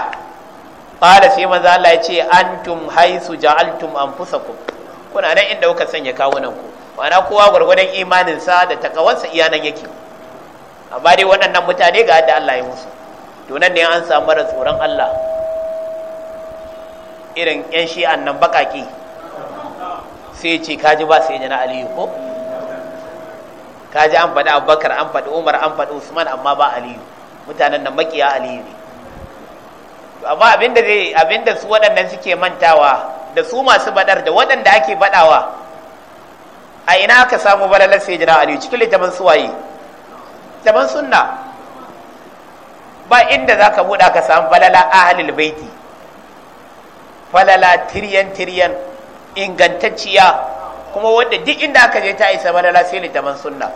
qala sai maza Allah ya ce tun haisu ja'altum ku. kuna nan inda kuka sanya kawunan ku ma'ana kowa gwargwadon imanin sa da takawansa iyanan yake amma dai waɗannan mutane ga da Allah ya musu to nan ne an samu mara tsoron Allah irin 'yan shi'an nan baƙaƙi sai ce kaji ba sai jana aliyu ko kaji an faɗi abubakar an faɗi umar an faɗi usman amma ba aliyu mutanen nan makiya aliyu ne amma abinda zai abinda su waɗannan suke mantawa da su masu baɗar da waɗanda ake baɗawa a ina aka samu balalar sai jira aliyu cikin littafin suwaye littafin sunna ba inda za ka buɗa ka samu balala ahalil baiti falala tiriyan tiriyan ingantacciya kuma wanda duk inda aka je ta isa balala sai littafin sunna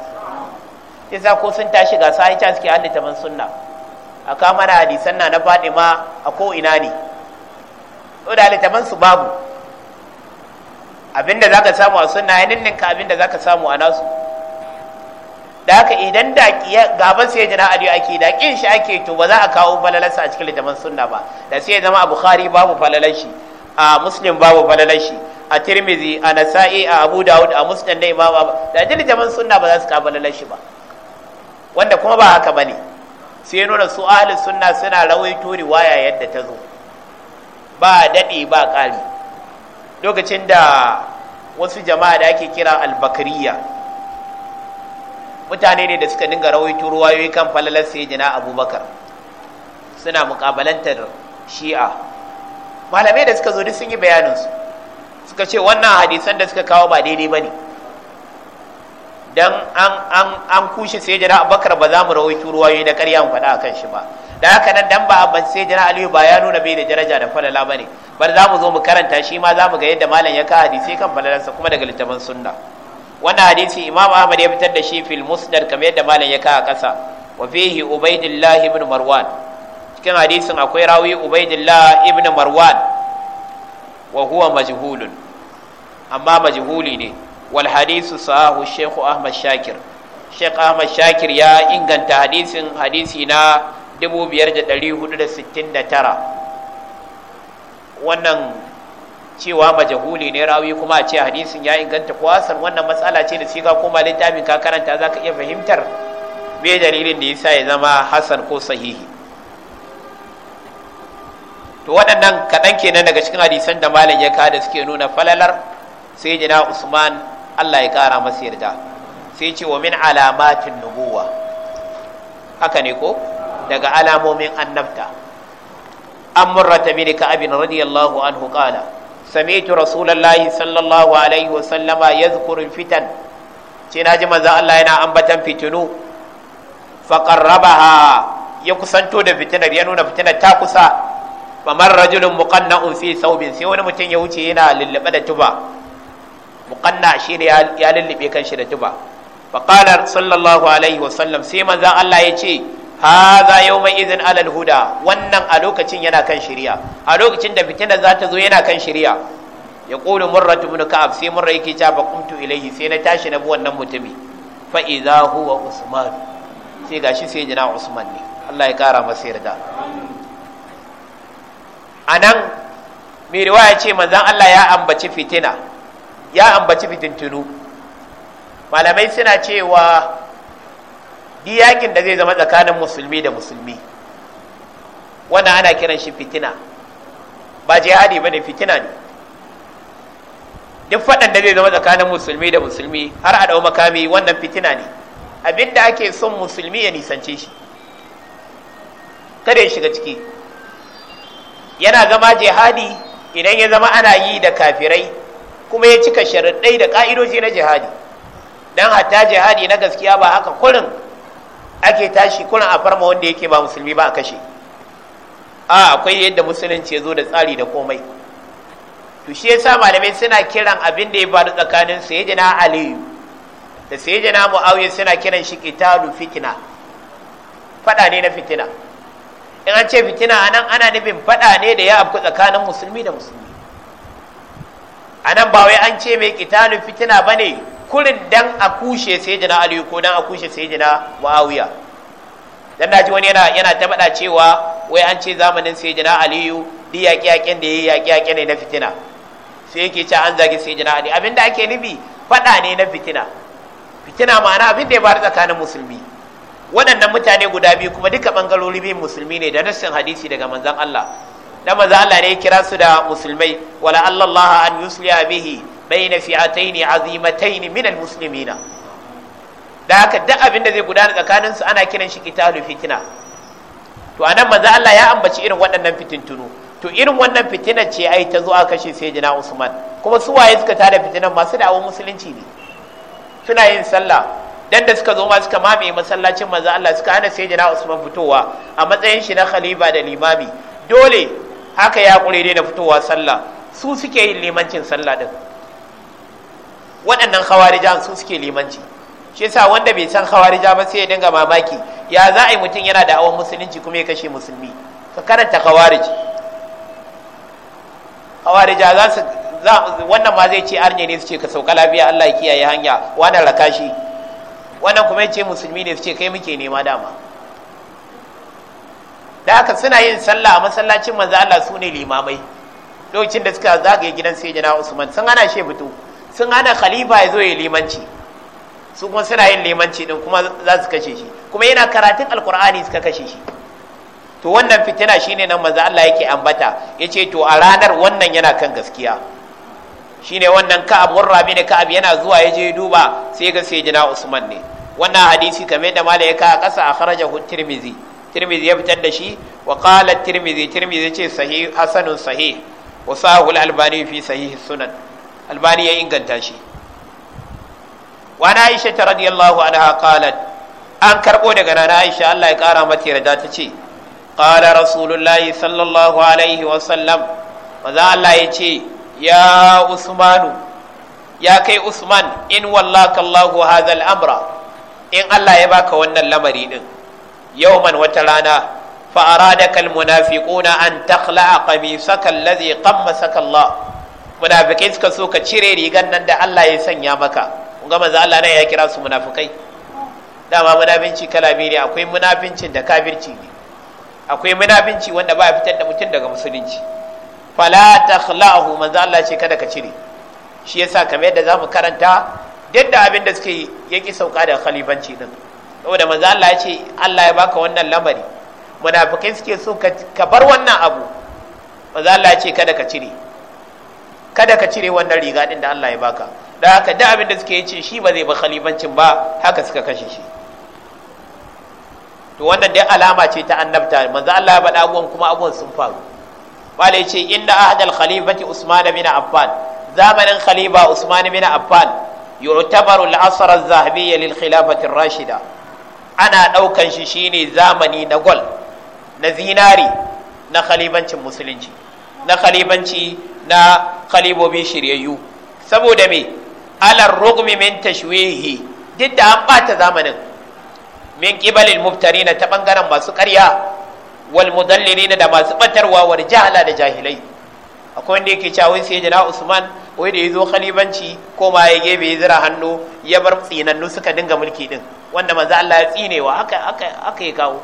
shi sa ko sun tashi ga sai ta suke halitta man sunna a kama hadisan na na ma a ko ina ne to da man su babu abinda zaka samu a sunna ya ninninka abinda zaka samu a nasu da haka idan da gaban sai jira ali ake da kin shi ake to ba za a kawo falalarsa a cikin litaman sunna ba da sai zama a bukhari babu falalar shi a muslim babu falalar shi a tirmizi a nasa'i a abu daud a muslim da imam da litaman sunna ba za su kawo falalar shi ba wanda kuma ba haka bane sai nuna su ahlus sunna suna rawaito riwaya yadda ta zo ba daɗe ba ƙari lokacin da wasu jama'a da ake kira albakariya mutane ne da suka dinga rawaito ruwayoyi kan falalar sayyidina abubakar suna mukabalantar shi'a malamai da suka zo duk sun yi bayaninsu suka ce wannan hadisan da suka kawo ba daidai bane ne dan an an an kushe sai jira abubakar ba za mu rawaito ruwayoyi da ƙarya mu faɗa akan shi ba da haka nan dan ba ban sai jira aliyu ba ya nuna bai da daraja da falala bane bar za mu zo mu karanta shi ma za mu ga yadda malam ya ka hadisi kan falalansa kuma daga littafin sunna wannan hadisi imam ahmad ya fitar da shi fil musnad kamar yadda malam ya ka a ƙasa wa fihi ubaidillah ibn marwan cikin hadisin akwai rawi ubaidillah ibn marwan wa huwa majhulun amma majhuli ne wal hadisu sahu Sheikh Ahmad Shakir shek Ahmad Shakir ya inganta hadisin hadisi na 5469 wannan cewa majahuli ne rawi kuma a ce hadisin ya inganta ko wannan matsala ce da siga kuma koma littafin ka karanta zaka iya fahimtar me dalilin da yasa ya zama Hassan ko sahihi to waɗannan kaɗan kenan daga cikin hadisan da malam ya kada suke nuna falalar sayyidina Usman Allah ya kara masa yarda sai ce wa min alamatin nubuwa haka ne ko daga alamomin annabta an murrata ka abin radiyallahu anhu qala sami'tu rasulullahi sallallahu alaihi wa sallama yadhkuru fitan ce ji manzo Allah yana ambatan fitinu fa ya kusanto da fitinar ya nuna fitinar ta kusa famar rajulun muƙannan fi saubin sai wani mutum ya wuce yana lullube da tuba muqanna shine ya lullube kan shi da tuba faqala sallallahu alaihi wa sallam. sai manzon Allah ya ce hadha yawma idhin alal huda wannan a lokacin yana kan shari'a a lokacin da fitina za ta zo yana kan shari'a ya qulu murratu ibn ka'ab sai murra yake ta ba qumtu ilayhi sai na tashi na bi wannan mutumi fa idha huwa usman sai gashi sai jina usman ne Allah ya kara masa yarda anan mai riwaya ce manzon Allah ya ambaci fitina ya ambaci fitintunu malamai suna cewa di yakin da zai zama tsakanin musulmi da musulmi wannan ana kiran shi fitina ba jihadi ba ne fitina ne duk faɗan da zai zama tsakanin musulmi da musulmi har a ɗau makami wannan fitina ne abinda ake son musulmi ya nisance shi kada ya shiga ciki yana zama jihadi idan ya zama ana yi da kafirai kuma ya cika sharaɗai da ƙa'idoji na jihadi don hatta jihadi na gaskiya ba haka kurin ake tashi kurin a farma wanda yake ba musulmi ba a kashe a akwai yadda musulunci ya zo da tsari da komai to shi yasa malamai suna kiran abin da ya faru tsakanin sayyidina aliyu da sayyidina muawiya suna kiran shi qitalu fitna fada ne na fitina in an ce fitina anan ana nufin fada ne da ya afku tsakanin musulmi da musulmi A nan ba wai an ce mai kitalin fitina ba ne kurin dan a kushe sai jina Aliyu ko dan a kushe sai jina muawiya dan ji wani yana yana ta faɗa cewa wai an ce zamanin sai jina aliyu duk yaƙi yaƙen da ya yi yaƙi yaƙe ne na fitina sai yake ce an zagi sai jina ali abinda ake nufi faɗa ne na fitina fitina ma'ana abin da ya faru tsakanin musulmi waɗannan mutane guda biyu kuma duka ɓangarori biyu musulmi ne da nassin hadisi daga manzon Allah da maza Allah ne kira su da musulmai wala Allah an yusliya bihi bayna fi'atayn azimatayn min musulmina. da haka duk abin da zai gudana tsakanin su ana kiran shi qitalu fitina to anan maza Allah ya ambaci irin waɗannan fitintunu to irin wannan fitinar ce ai ta zo a kashe sayyidina Usman kuma su waye suka tada fitinar masu da'awun musulunci ne suna yin sallah dan da suka zo ma suka mame masallacin maza Allah suka hana sayyidina Usman fitowa a matsayin shi na khalifa da limami dole haka ya ƙure dai da fitowa sallah su suke yin limancin sallah din waɗannan khawarija su suke limanci shi yasa wanda bai san khawarija ba sai ya dinga mamaki ya za a yi mutum yana da awon musulunci kuma ya kashe musulmi ka karanta khawarij khawarija za su wannan ma zai ce arne ne su ce ka sauka lafiya Allah ya kiyaye hanya wannan rakashi wannan kuma ya ce musulmi ne su ce kai muke nema dama da haka suna yin sallah a masallacin manzo Allah su ne limamai lokacin da suka zagaye gidan sayyidina Usman sun hana shi fito sun hana khalifa ya zo ya limanci su kuma suna yin limanci din kuma za su kashe shi kuma yana karatun alkur'ani suka kashe shi to wannan fitina shine nan manzo Allah yake ambata yace to a ranar wannan yana kan gaskiya shine wannan Ka'ab bin ne Ka'ab yana zuwa yaje duba sai ga sayyidina Usman ne wannan hadisi kamar da malai ya ka kasa a hu Tirmidhi tirmidhi ya fitar da shi wa qala tirmidhi tirmidhi ce sahih hasanun sahih wa sahul albani fi sahih sunan albani ya inganta shi wa na aisha radiyallahu anha qalat an karbo daga nana aisha Allah ya kara mata yarda ta ce qala rasulullahi sallallahu alaihi wa sallam maza Allah ya ce ya usmanu ya kai usman in wallaka Allahu hadha al-amra in Allah ya baka wannan lamari din Yau man wata rana fa aradaka ƙuna an taqla'a qamisaka alladhi qammasaka Allah munafikai suka so ka cire rigan nan da Allah ya sanya maka kun ga manzo Allah ne ya kira su munafikai dama munafinci kala biyu ne akwai munafincin da kafirci ne akwai munafinci wanda ba fitar da mutum daga musulunci fala takhla'ahu manzo Allah ce kada ka cire shi yasa kamar yadda zamu karanta duk da abin da suke yaki sauka da khalifanci din saboda manzo Allah ya ce Allah ya baka wannan lamari munafikai suke so ka bar wannan abu manzo Allah ya ce kada ka cire kada ka cire wannan riga din da Allah ya baka da haka da abin da suke yi shi ba zai ba khalifancin ba haka suka kashe shi to wannan dai alama ce ta annabta manzo Allah ya bada abubuwan kuma abubuwan sun faru bala ya ce inna ahadal khalifati usman bin affan zamanin khalifa usman bin affan yu'tabaru al-asr az-zahabiyya lil khilafati ar-rashida ana ɗaukan shi shine zamani na gol na zinari na khalibancin musulunci na khalibanci na khalibobi shiryayyu saboda me alar rugmi min tashwihi duk da an bata zamanin min qibalil mubtarina ta bangaren masu ƙarya wal mudallilina da masu batarwa wal jahla da jahilai akwai wanda yake cewa wai sai jana usman wai da ya zo khalibanci ko ma ya gebe ya zira hannu ya bar tsinannu suka dinga mulki din wanda manzo Allah ya tsinewa haka haka haka ya kawo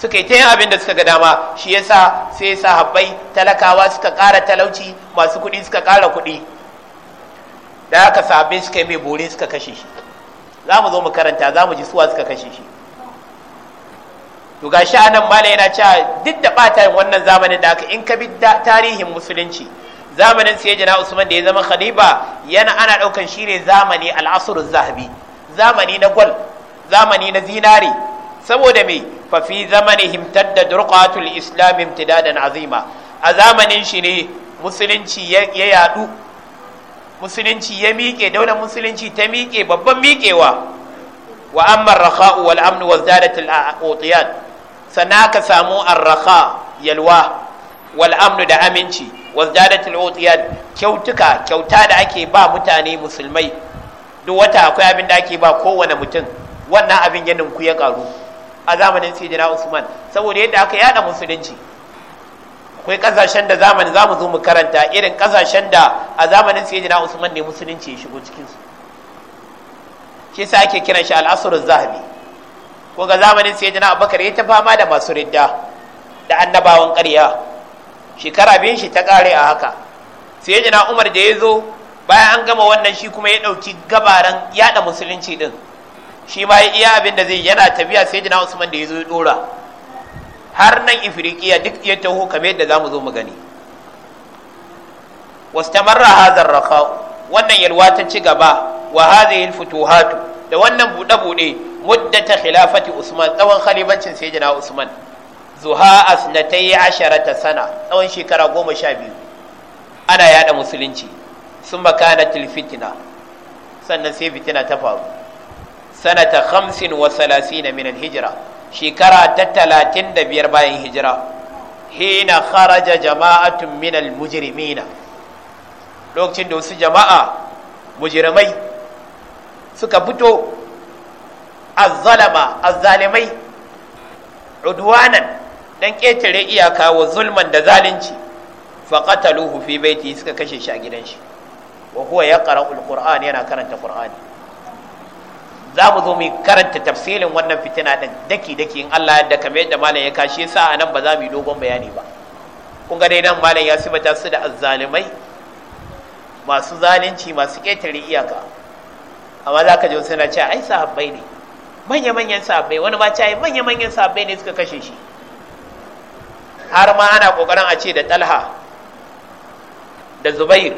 suka yi ta yin abin da suka ga dama shi yasa sai sahabbai talakawa suka ƙara talauci masu kuɗi suka ƙara kuɗi da haka sahabbai suka yi mai bore suka kashe shi za mu zo mu karanta za mu ji suwa suka kashe shi to shi anan mala yana cewa duk da bata wannan zamanin da aka in ka bi tarihin musulunci zamanin sayyidina Usman da ya zama khalifa yana ana ɗaukan shi ne zamani al'asur zahabi zamani na gol zamani na zinari saboda me fa fi zamanihim tadda durqatul islam imtidadan azima a zamanin shi ne musulunci ya yadu musulunci ya miƙe daular musulunci ta miƙe babban miƙewa wa amma rakha'u wal amnu wazdadat al sannan aka samu arraha yalwa wal'amnu amnu da aminci wazdadatul utiyat kyautuka kyauta da ake ba mutane musulmai duk wata akwai abin da ake ba kowane mutum wannan abin ya ninku ya karu a zamanin sayyidina usman saboda yadda aka yada musulunci akwai kasashen da zamani za mu zo mu karanta irin kasashen da a zamanin sayyidina usman ne musulunci ya shigo cikin su shi ake kiran shi al-asr zahabi ko ga zamanin sai jana abubakar ya ta fama da masu ridda da annabawan karya. shekara biyun shi ta ƙare a haka sai jana umar da ya zo bayan an gama wannan shi kuma ya ɗauki gabaran yaɗa musulunci din. shi ma ya iya abin da zai yana tafiya sai jana usman da ya zo ya ɗora har nan ifirikiya duk ya taho kamar yadda za mu zo mu gani Wasu wastamarra hazar raka wannan yalwa ta ci gaba wa hadhihi alfutuhatu da wannan buɗe-buɗe muddata khilafati usman tsawon khalifancin sayyidina usman zuha asnatai asharata sana tsawon shekara goma sha biyu ana yada musulunci sun makana tilfitina sannan sai fitina ta faru sanata hamsin wa salasina min alhijira shekara ta talatin da biyar bayan hijira hina kharaja jama'atun min almujrimina lokacin da wasu jama'a mujrimai suka fito azzalama azzalimai udwanan dan ketare iyaka wa zulman da zalunci faqataluhu fi baiti suka kashe shi a gidan shi wa huwa yaqra'ul qur'an yana karanta qur'ani za mu zo mu karanta tafsirin wannan fitina din daki daki in Allah yadda kamar yadda malam ya kashe sa anan ba za mu yi dogon bayani ba kun ga dai nan malam ya sibata su da azzalimai masu zalunci masu ketare iyaka amma za ka ji suna cewa ai sahabbai ne manya-manyan sahabbai wani ma yi. manya-manyan sahabbai ne suka kashe shi har ma ana kokarin a ce da talha da zubair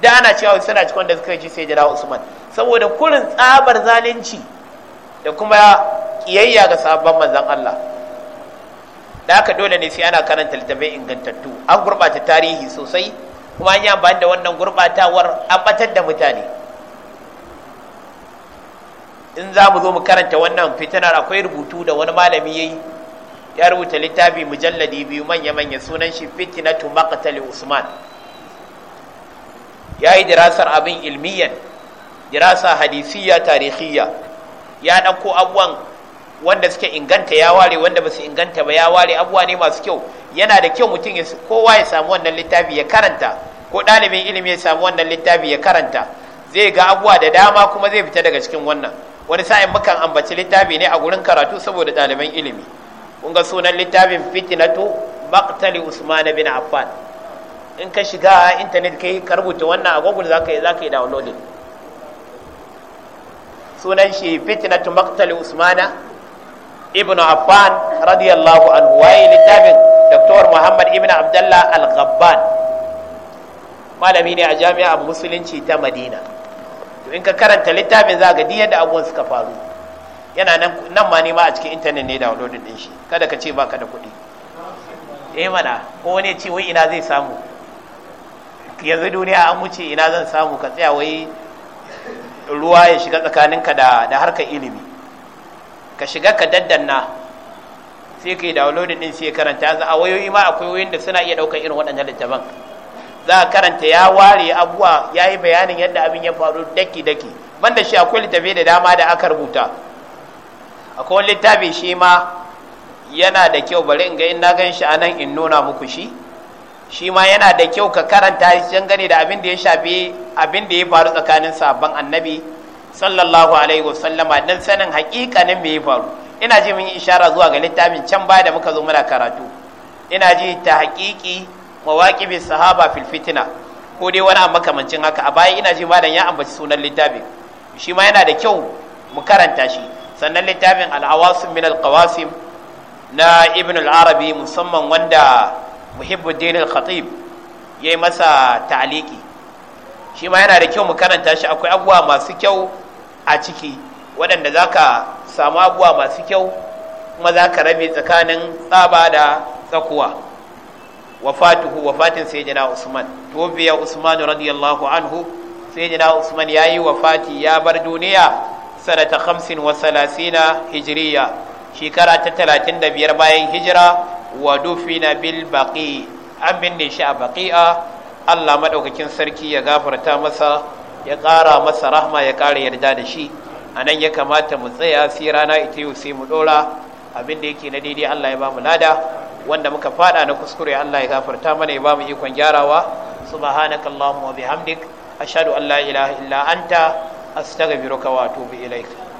da ana cewa suna cikin da suka kashe sai jira usman saboda kurin tsabar zalunci da kuma kiyayya ga sabon manzon allah da haka dole ne sai ana karanta littafin ingantattu an gurɓata tarihi sosai kuma an yi amfani da wannan gurɓatawar an batar da mutane in za mu zo mu karanta wannan fitinar akwai rubutu da wani malami yayi ya rubuta littafi mujalladi biyu manya-manya sunan shi fitinatu maqtali usman ya yi dirasar abin ilmiyan dirasa hadisiyya tarihiyya ya ɗauko abuwan wanda suke inganta ya ware wanda ba su inganta ba ya ware abuwa ne masu kyau yana da kyau mutum kowa ya samu wannan littafi ya karanta ko ɗalibin ilimi ya samu wannan littafi ya karanta zai ga abuwa da dama kuma zai fita daga cikin wannan wani sa'in mukan ambaci littafi ne a gurin karatu saboda ɗaliban ilimi kun ga sunan littafin fitinatu maqtali usman bin affan in ka shiga intanet kai ka rubuta wannan a google zaka yi zaka yi downloading sunan shi fitinatu maqtali usmana ibnu affan radiyallahu anhu waye littafin dr muhammad Ibn abdullah al-ghabban malami ne a jami'a musulunci ta madina to in ka karanta littafin za ga yadda abubuwan suka faru yana nan ma nema a cikin intanet ne da wadodin din shi kada ka ce baka da kuɗi eh mana ko wani ce wai ina zai samu yanzu duniya an wuce ina zan samu ka tsaya wai ruwa ya shiga tsakaninka da da harkar ilimi ka shiga ka daddanna sai ka yi downloading din sai karanta a wayoyi ma akwai wayoyin da suna iya ɗaukar irin waɗannan littafan za a karanta ya ware abuwa ya yi bayanin yadda abin ya faru daki-daki banda shi akwai littafi da dama da aka rubuta akwai littafi shi ma yana da kyau bari in ga in na gan shi anan in nuna muku shi shi ma yana da kyau ka karanta shi gani da abin da ya shafi abin da ya faru tsakanin sabon annabi sallallahu alaihi wa sallama don sanin hakikanin me ya faru ina ji mun yi ishara zuwa ga littafin can baya da muka zo muna karatu ina ji ta hakiki mawaqibis sahaba fil ko dai wani abu makamancin haka a baya ina ji malam ya ambaci sunan littafin shi ma yana da kyau mu karanta shi sannan littafin al-awasim min al-qawasim na ibn al-arabi musamman wanda muhibbuddin al-khatib yayi masa ta'aliki shi ma yana da kyau mu karanta shi akwai abubuwa masu kyau a ciki waɗanda za ka samu abubuwa masu kyau kuma za ka rabe tsakanin tsaba da tsakuwa wafatuhu wafatin sayyidina Usman tobiya Usman radiyallahu anhu sayyidina Usman yayi wafati ya bar duniya sanata 35 hijriya shekara ta 35 bayan hijira wa dufina bil baqi an binne shi a baqi'a Allah madaukakin sarki ya gafarta masa ya ƙara masa rahma ya ƙara yarda da shi anan ya kamata mu tsaya sai rana ita yau sai mu ɗora. abin da yake na daidai Allah ya ba mu lada wanda muka fada na kuskure Allah ya gafarta mana ya bamu ikon gyarawa subhanakallahumma wa bihamdik ashhadu an la ilaha illa anta astaghfiruka wa atubu ilaika